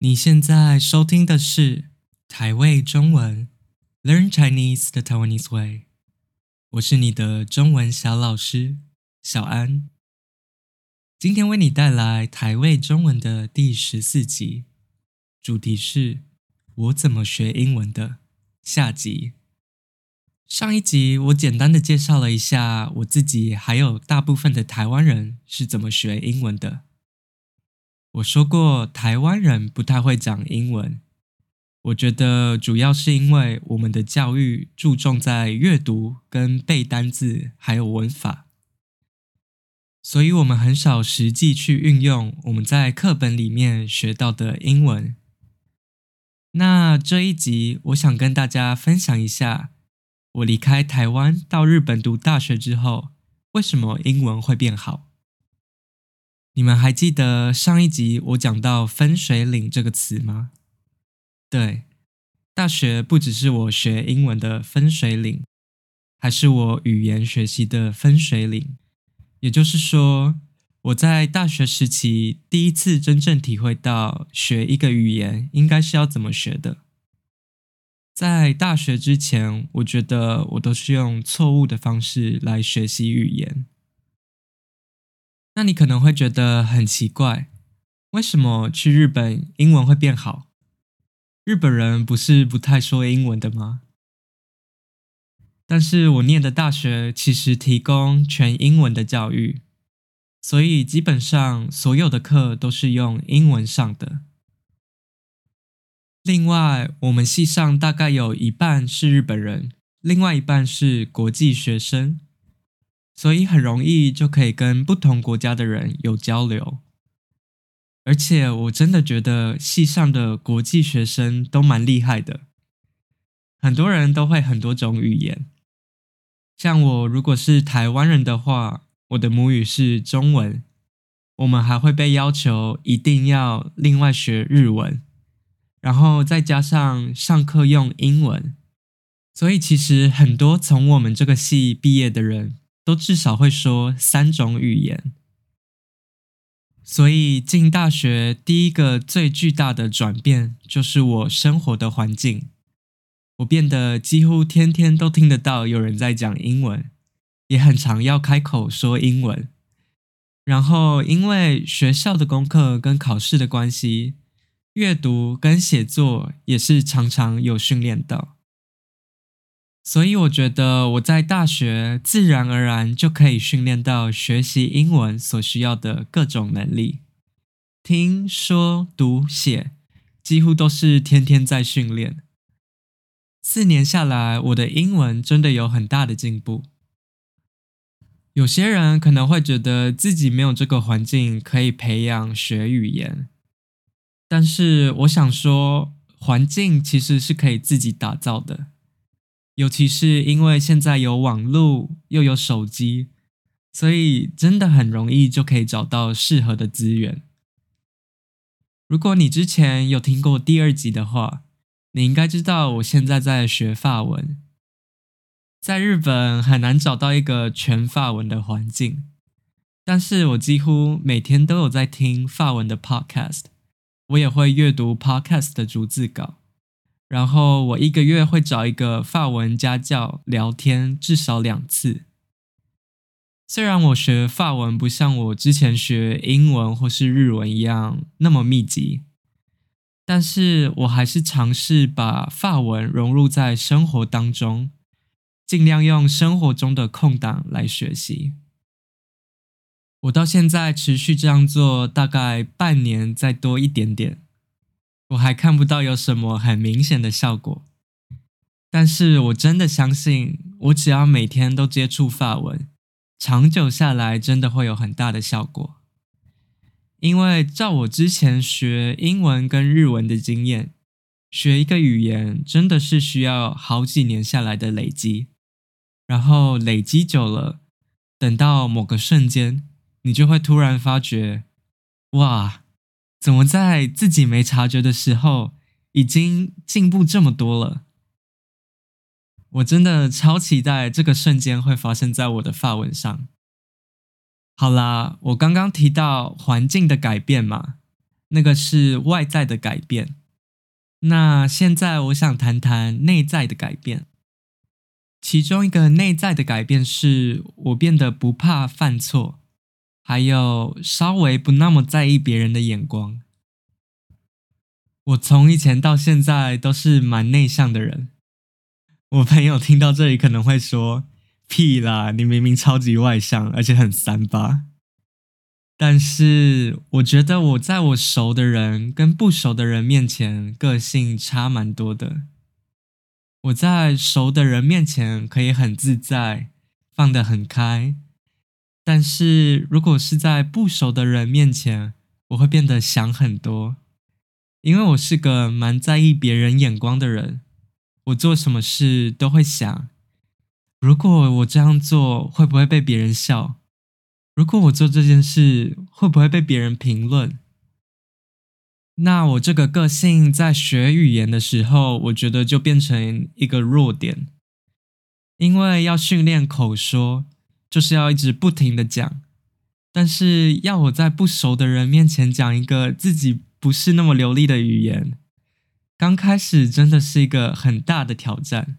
你現在收聽的是台味中文 Learn Chinese the Taiwanese Way，我是你的中文小老師小安，今天為你帶來台味中文的第十四集，主題是“我怎麼學英文的”。下集，上一集我簡單的介紹了一下我自己，還有大部分的台灣人是怎麼學英文的。我說過，台灣人不太會講英文。我覺得主要是因為我們的教育注重在閱讀跟背單字，還有文法，所以我們很少實際去運用我們在課本裡面學到的英文。那這一集，我想跟大家分享一下，我離開台灣到日本讀大學之後，為什麼英文會變好？你們還記得上一集我講到分水嶺這個詞嗎？對，大學不只是我學英文的分水嶺，還是我語言學習的分水嶺。也就是說，我在大學時期第一次真正體會到學一個語言應該是要怎麼學的。在大學之前，我覺得我都是用錯誤的方式來學習語言。那你可能會覺得很奇怪，為什麼去日本英文會變好？日本人不是不太說英文的嗎？但是我念的大學其實提供全英文的教育，所以基本上所有的課都是用英文上的。另外，我們系上大概有一半是日本人，另外一半是國際學生。所以很容易就可以跟不同國家的人有交流，而且我真的覺得系上的國際學生都蠻厲害的，很多人都會很多種語言。像我如果是台灣人的話，我的母語是中文，我們還會被要求一定要另外學日文，然後再加上上課用英文。所以其實很多從我們這個系畢業的人，都至少會說三種語言，所以進大學第一個最巨大的轉變就是我生活的環境，我變得幾乎天天都聽得到有人在講英文，也很常要開口說英文。然後因為學校的功課跟考試的關係，閱讀跟寫作也是常常有訓練的。所以我覺得我在大學自然而然就可以訓練到學習英文所需要的各種能力，聽說讀寫幾乎都是天天在訓練。四年下來，我的英文真的有很大的進步。有些人可能會覺得自己沒有這個環境可以培養學語言，但是我想說，環境其實是可以自己打造的。尤其是因為現在有網絡，又有手機，所以真的很容易就可以找到適合的資源。如果你之前有聽過第二集的話，你應該知道我現在在學法文。在日本很難找到一個全法文的環境，但是我幾乎每天都有在聽法文的 podcast，我也會閱讀 podcast 的逐字稿。然後我一個月會找一個法文家教聊天，至少兩次。雖然我學法文不像我之前學英文或是日文一樣那麼密集，但是我還是嘗試把法文融入在生活當中，盡量用生活中的空檔來學習。我到現在持續這樣做大概半年再多一點點。我還看不到有什麼很明顯的效果，但是我真的相信，我只要每天都接觸法文，長久下來真的會有很大的效果。因為照我之前學英文跟日文的經驗，學一個語言真的是需要好幾年下來的累積，然後累積久了，等到某個瞬間，你就會突然發覺，哇！怎麼在自己沒察覺的時候，已經進步這麼多了？我真的超期待這個瞬間會發生在我的法文上。好啦，我剛剛提到環境的改變嘛，那個是外在的改變。那現在我想談談內在的改變。其中一個內在的改變是我變得不怕犯錯。還有稍微不那麼在意別人的眼光。我從以前到現在都是蠻內向的人。我朋友聽到這裡可能會說：“屁啦，你明明超級外向，而且很三八。”但是我覺得我在我熟的人跟不熟的人面前個性差蠻多的。我在熟的人面前可以很自在，放得很開。但是如果是在不熟的人面前，我會變得想很多，因為我是個蠻在意別人眼光的人，我做什麼事都會想，如果我這樣做會不會被別人笑？如果我做這件事會不會被別人評論？那我這個個性在學語言的時候，我覺得就變成一個弱點，因為要訓練口說。就是要一直不停的講，但是要我在不熟的人面前講一個自己不是那麼流利的語言，剛開始真的是一個很大的挑戰，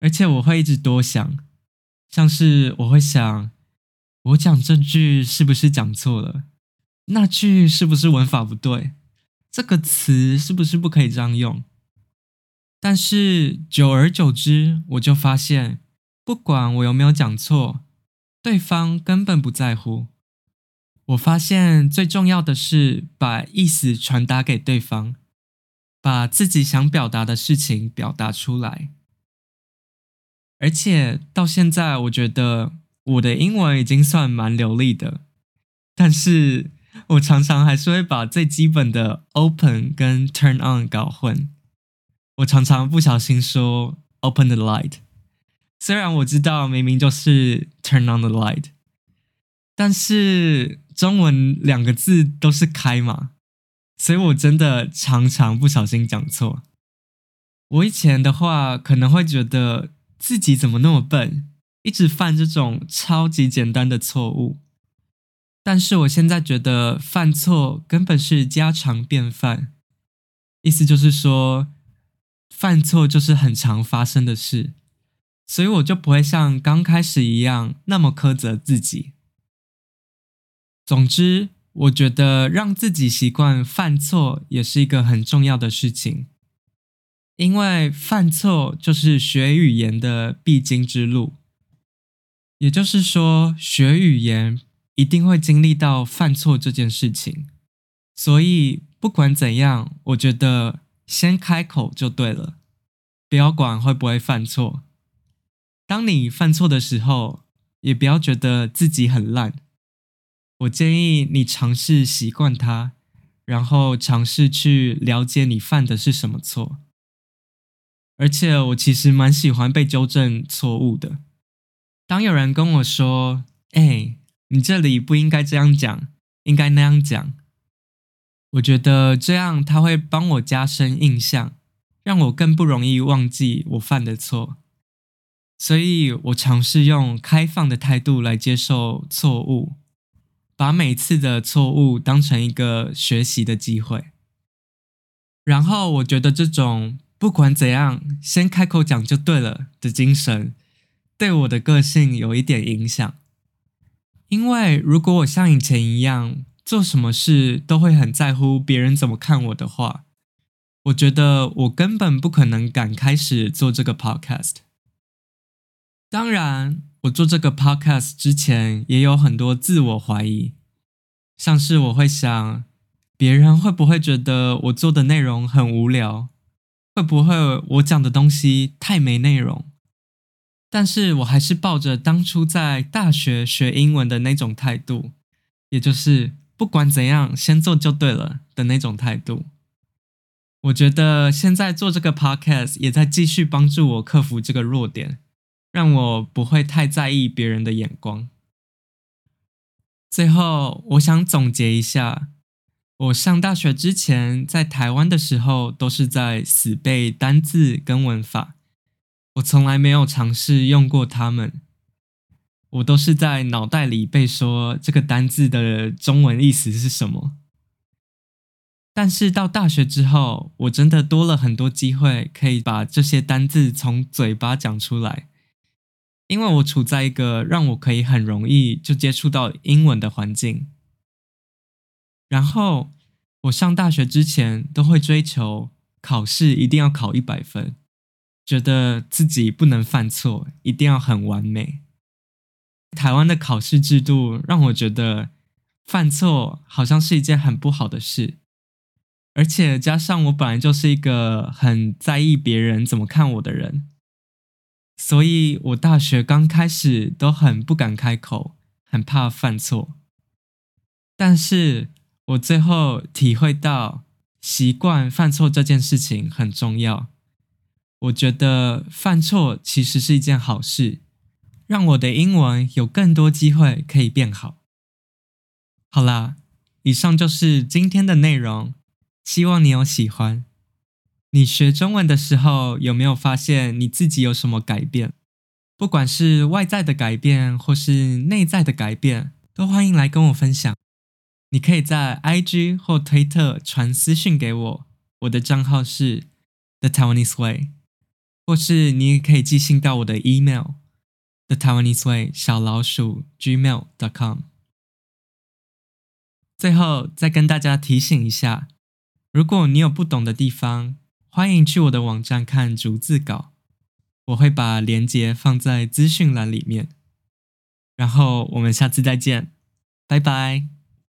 而且我會一直多想，像是我會想，我講這句是不是講錯了？那句是不是文法不對？這個詞是不是不可以這樣用？但是久而久之，我就發現。不管我有沒有講錯，對方根本不在乎。我發現最重要的是把意思傳達給對方，把自己想表達的事情表達出來。而且到現在，我覺得我的英文已經算蠻流利的，但是我常常還是會把最基本的 open 跟 turn on 搞混。我常常不小心說 open the light。雖然我知道明明就是 turn on the light，但是中文兩個字都是開嘛，所以我真的常常不小心講錯。我以前的話可能會覺得自己怎麼那麼笨，一直犯這種超級簡單的錯誤。但是我現在覺得犯錯根本是家常便飯，意思就是說犯錯就是很常發生的事。所以我就不會像剛開始一樣那麼苛責自己。總之，我覺得讓自己習慣犯錯也是一個很重要的事情，因為犯錯就是學語言的必經之路。也就是說，學語言一定會經歷到犯錯這件事情。所以不管怎樣，我覺得先開口就對了，不要管會不會犯錯。當你犯錯的時候，也不要覺得自己很爛。我建議你嘗試習慣它，然後嘗試去了解你犯的是什麼錯。而且，我其實蠻喜歡被糾正錯誤的。當有人跟我說：“哎、欸，你這裡不應該這樣講，應該那樣講。”我覺得這樣它會幫我加深印象，讓我更不容易忘記我犯的錯。所以，我嘗試用開放的態度來接受錯誤，把每次的錯誤當成一個學習的機會。然後，我覺得這種不管怎樣先開口講就對了的精神，對我的個性有一點影響。因為如果我像以前一樣，做什麼事都會很在乎別人怎麼看我的話，我覺得我根本不可能敢開始做這個 podcast。當然，我做這個 podcast 之前也有很多自我懷疑，像是我會想，別人會不會覺得我做的內容很無聊，會不會我講的東西太沒內容。但是我還是抱着當初在大學學英文的那種態度，也就是不管怎樣先做就對了的那種態度。我覺得現在做這個 podcast 也在繼續幫助我克服這個弱點。讓我不會太在意別人的眼光。最後，我想總結一下：我上大學之前在台灣的時候，都是在死背單字跟文法，我從來沒有嘗試用過它們。我都是在腦袋裡背說這個單字的中文意思是什麼。但是到大學之後，我真的多了很多機會可以把這些單字從嘴巴講出來。因為我處在一個讓我可以很容易就接觸到英文的環境，然後我上大學之前都會追求考試一定要考一百分，覺得自己不能犯錯，一定要很完美。台灣的考試制度讓我覺得犯錯好像是一件很不好的事，而且加上我本來就是一個很在意別人怎麼看我的人。所以，我大學剛開始都很不敢開口，很怕犯錯。但是我最後體會到，習慣犯錯這件事情很重要。我覺得犯錯其實是一件好事，讓我的英文有更多機會可以變好。好啦，以上就是今天的內容，希望你有喜歡。你學中文的時候有沒有發現你自己有什麼改變？不管是外在的改變或是內在的改變，都歡迎來跟我分享。你可以在 IG 或推特傳私訊給我，我的賬號是 The Taiwanese Way，或是你也可以寄信到我的 email，the Taiwanese Way 小老鼠 gmail.com。最後再跟大家提醒一下，如果你有不懂的地方，歡迎去我的網站看逐字稿，我會把連結放在資訊欄裡面。然後我們下次再見，拜拜。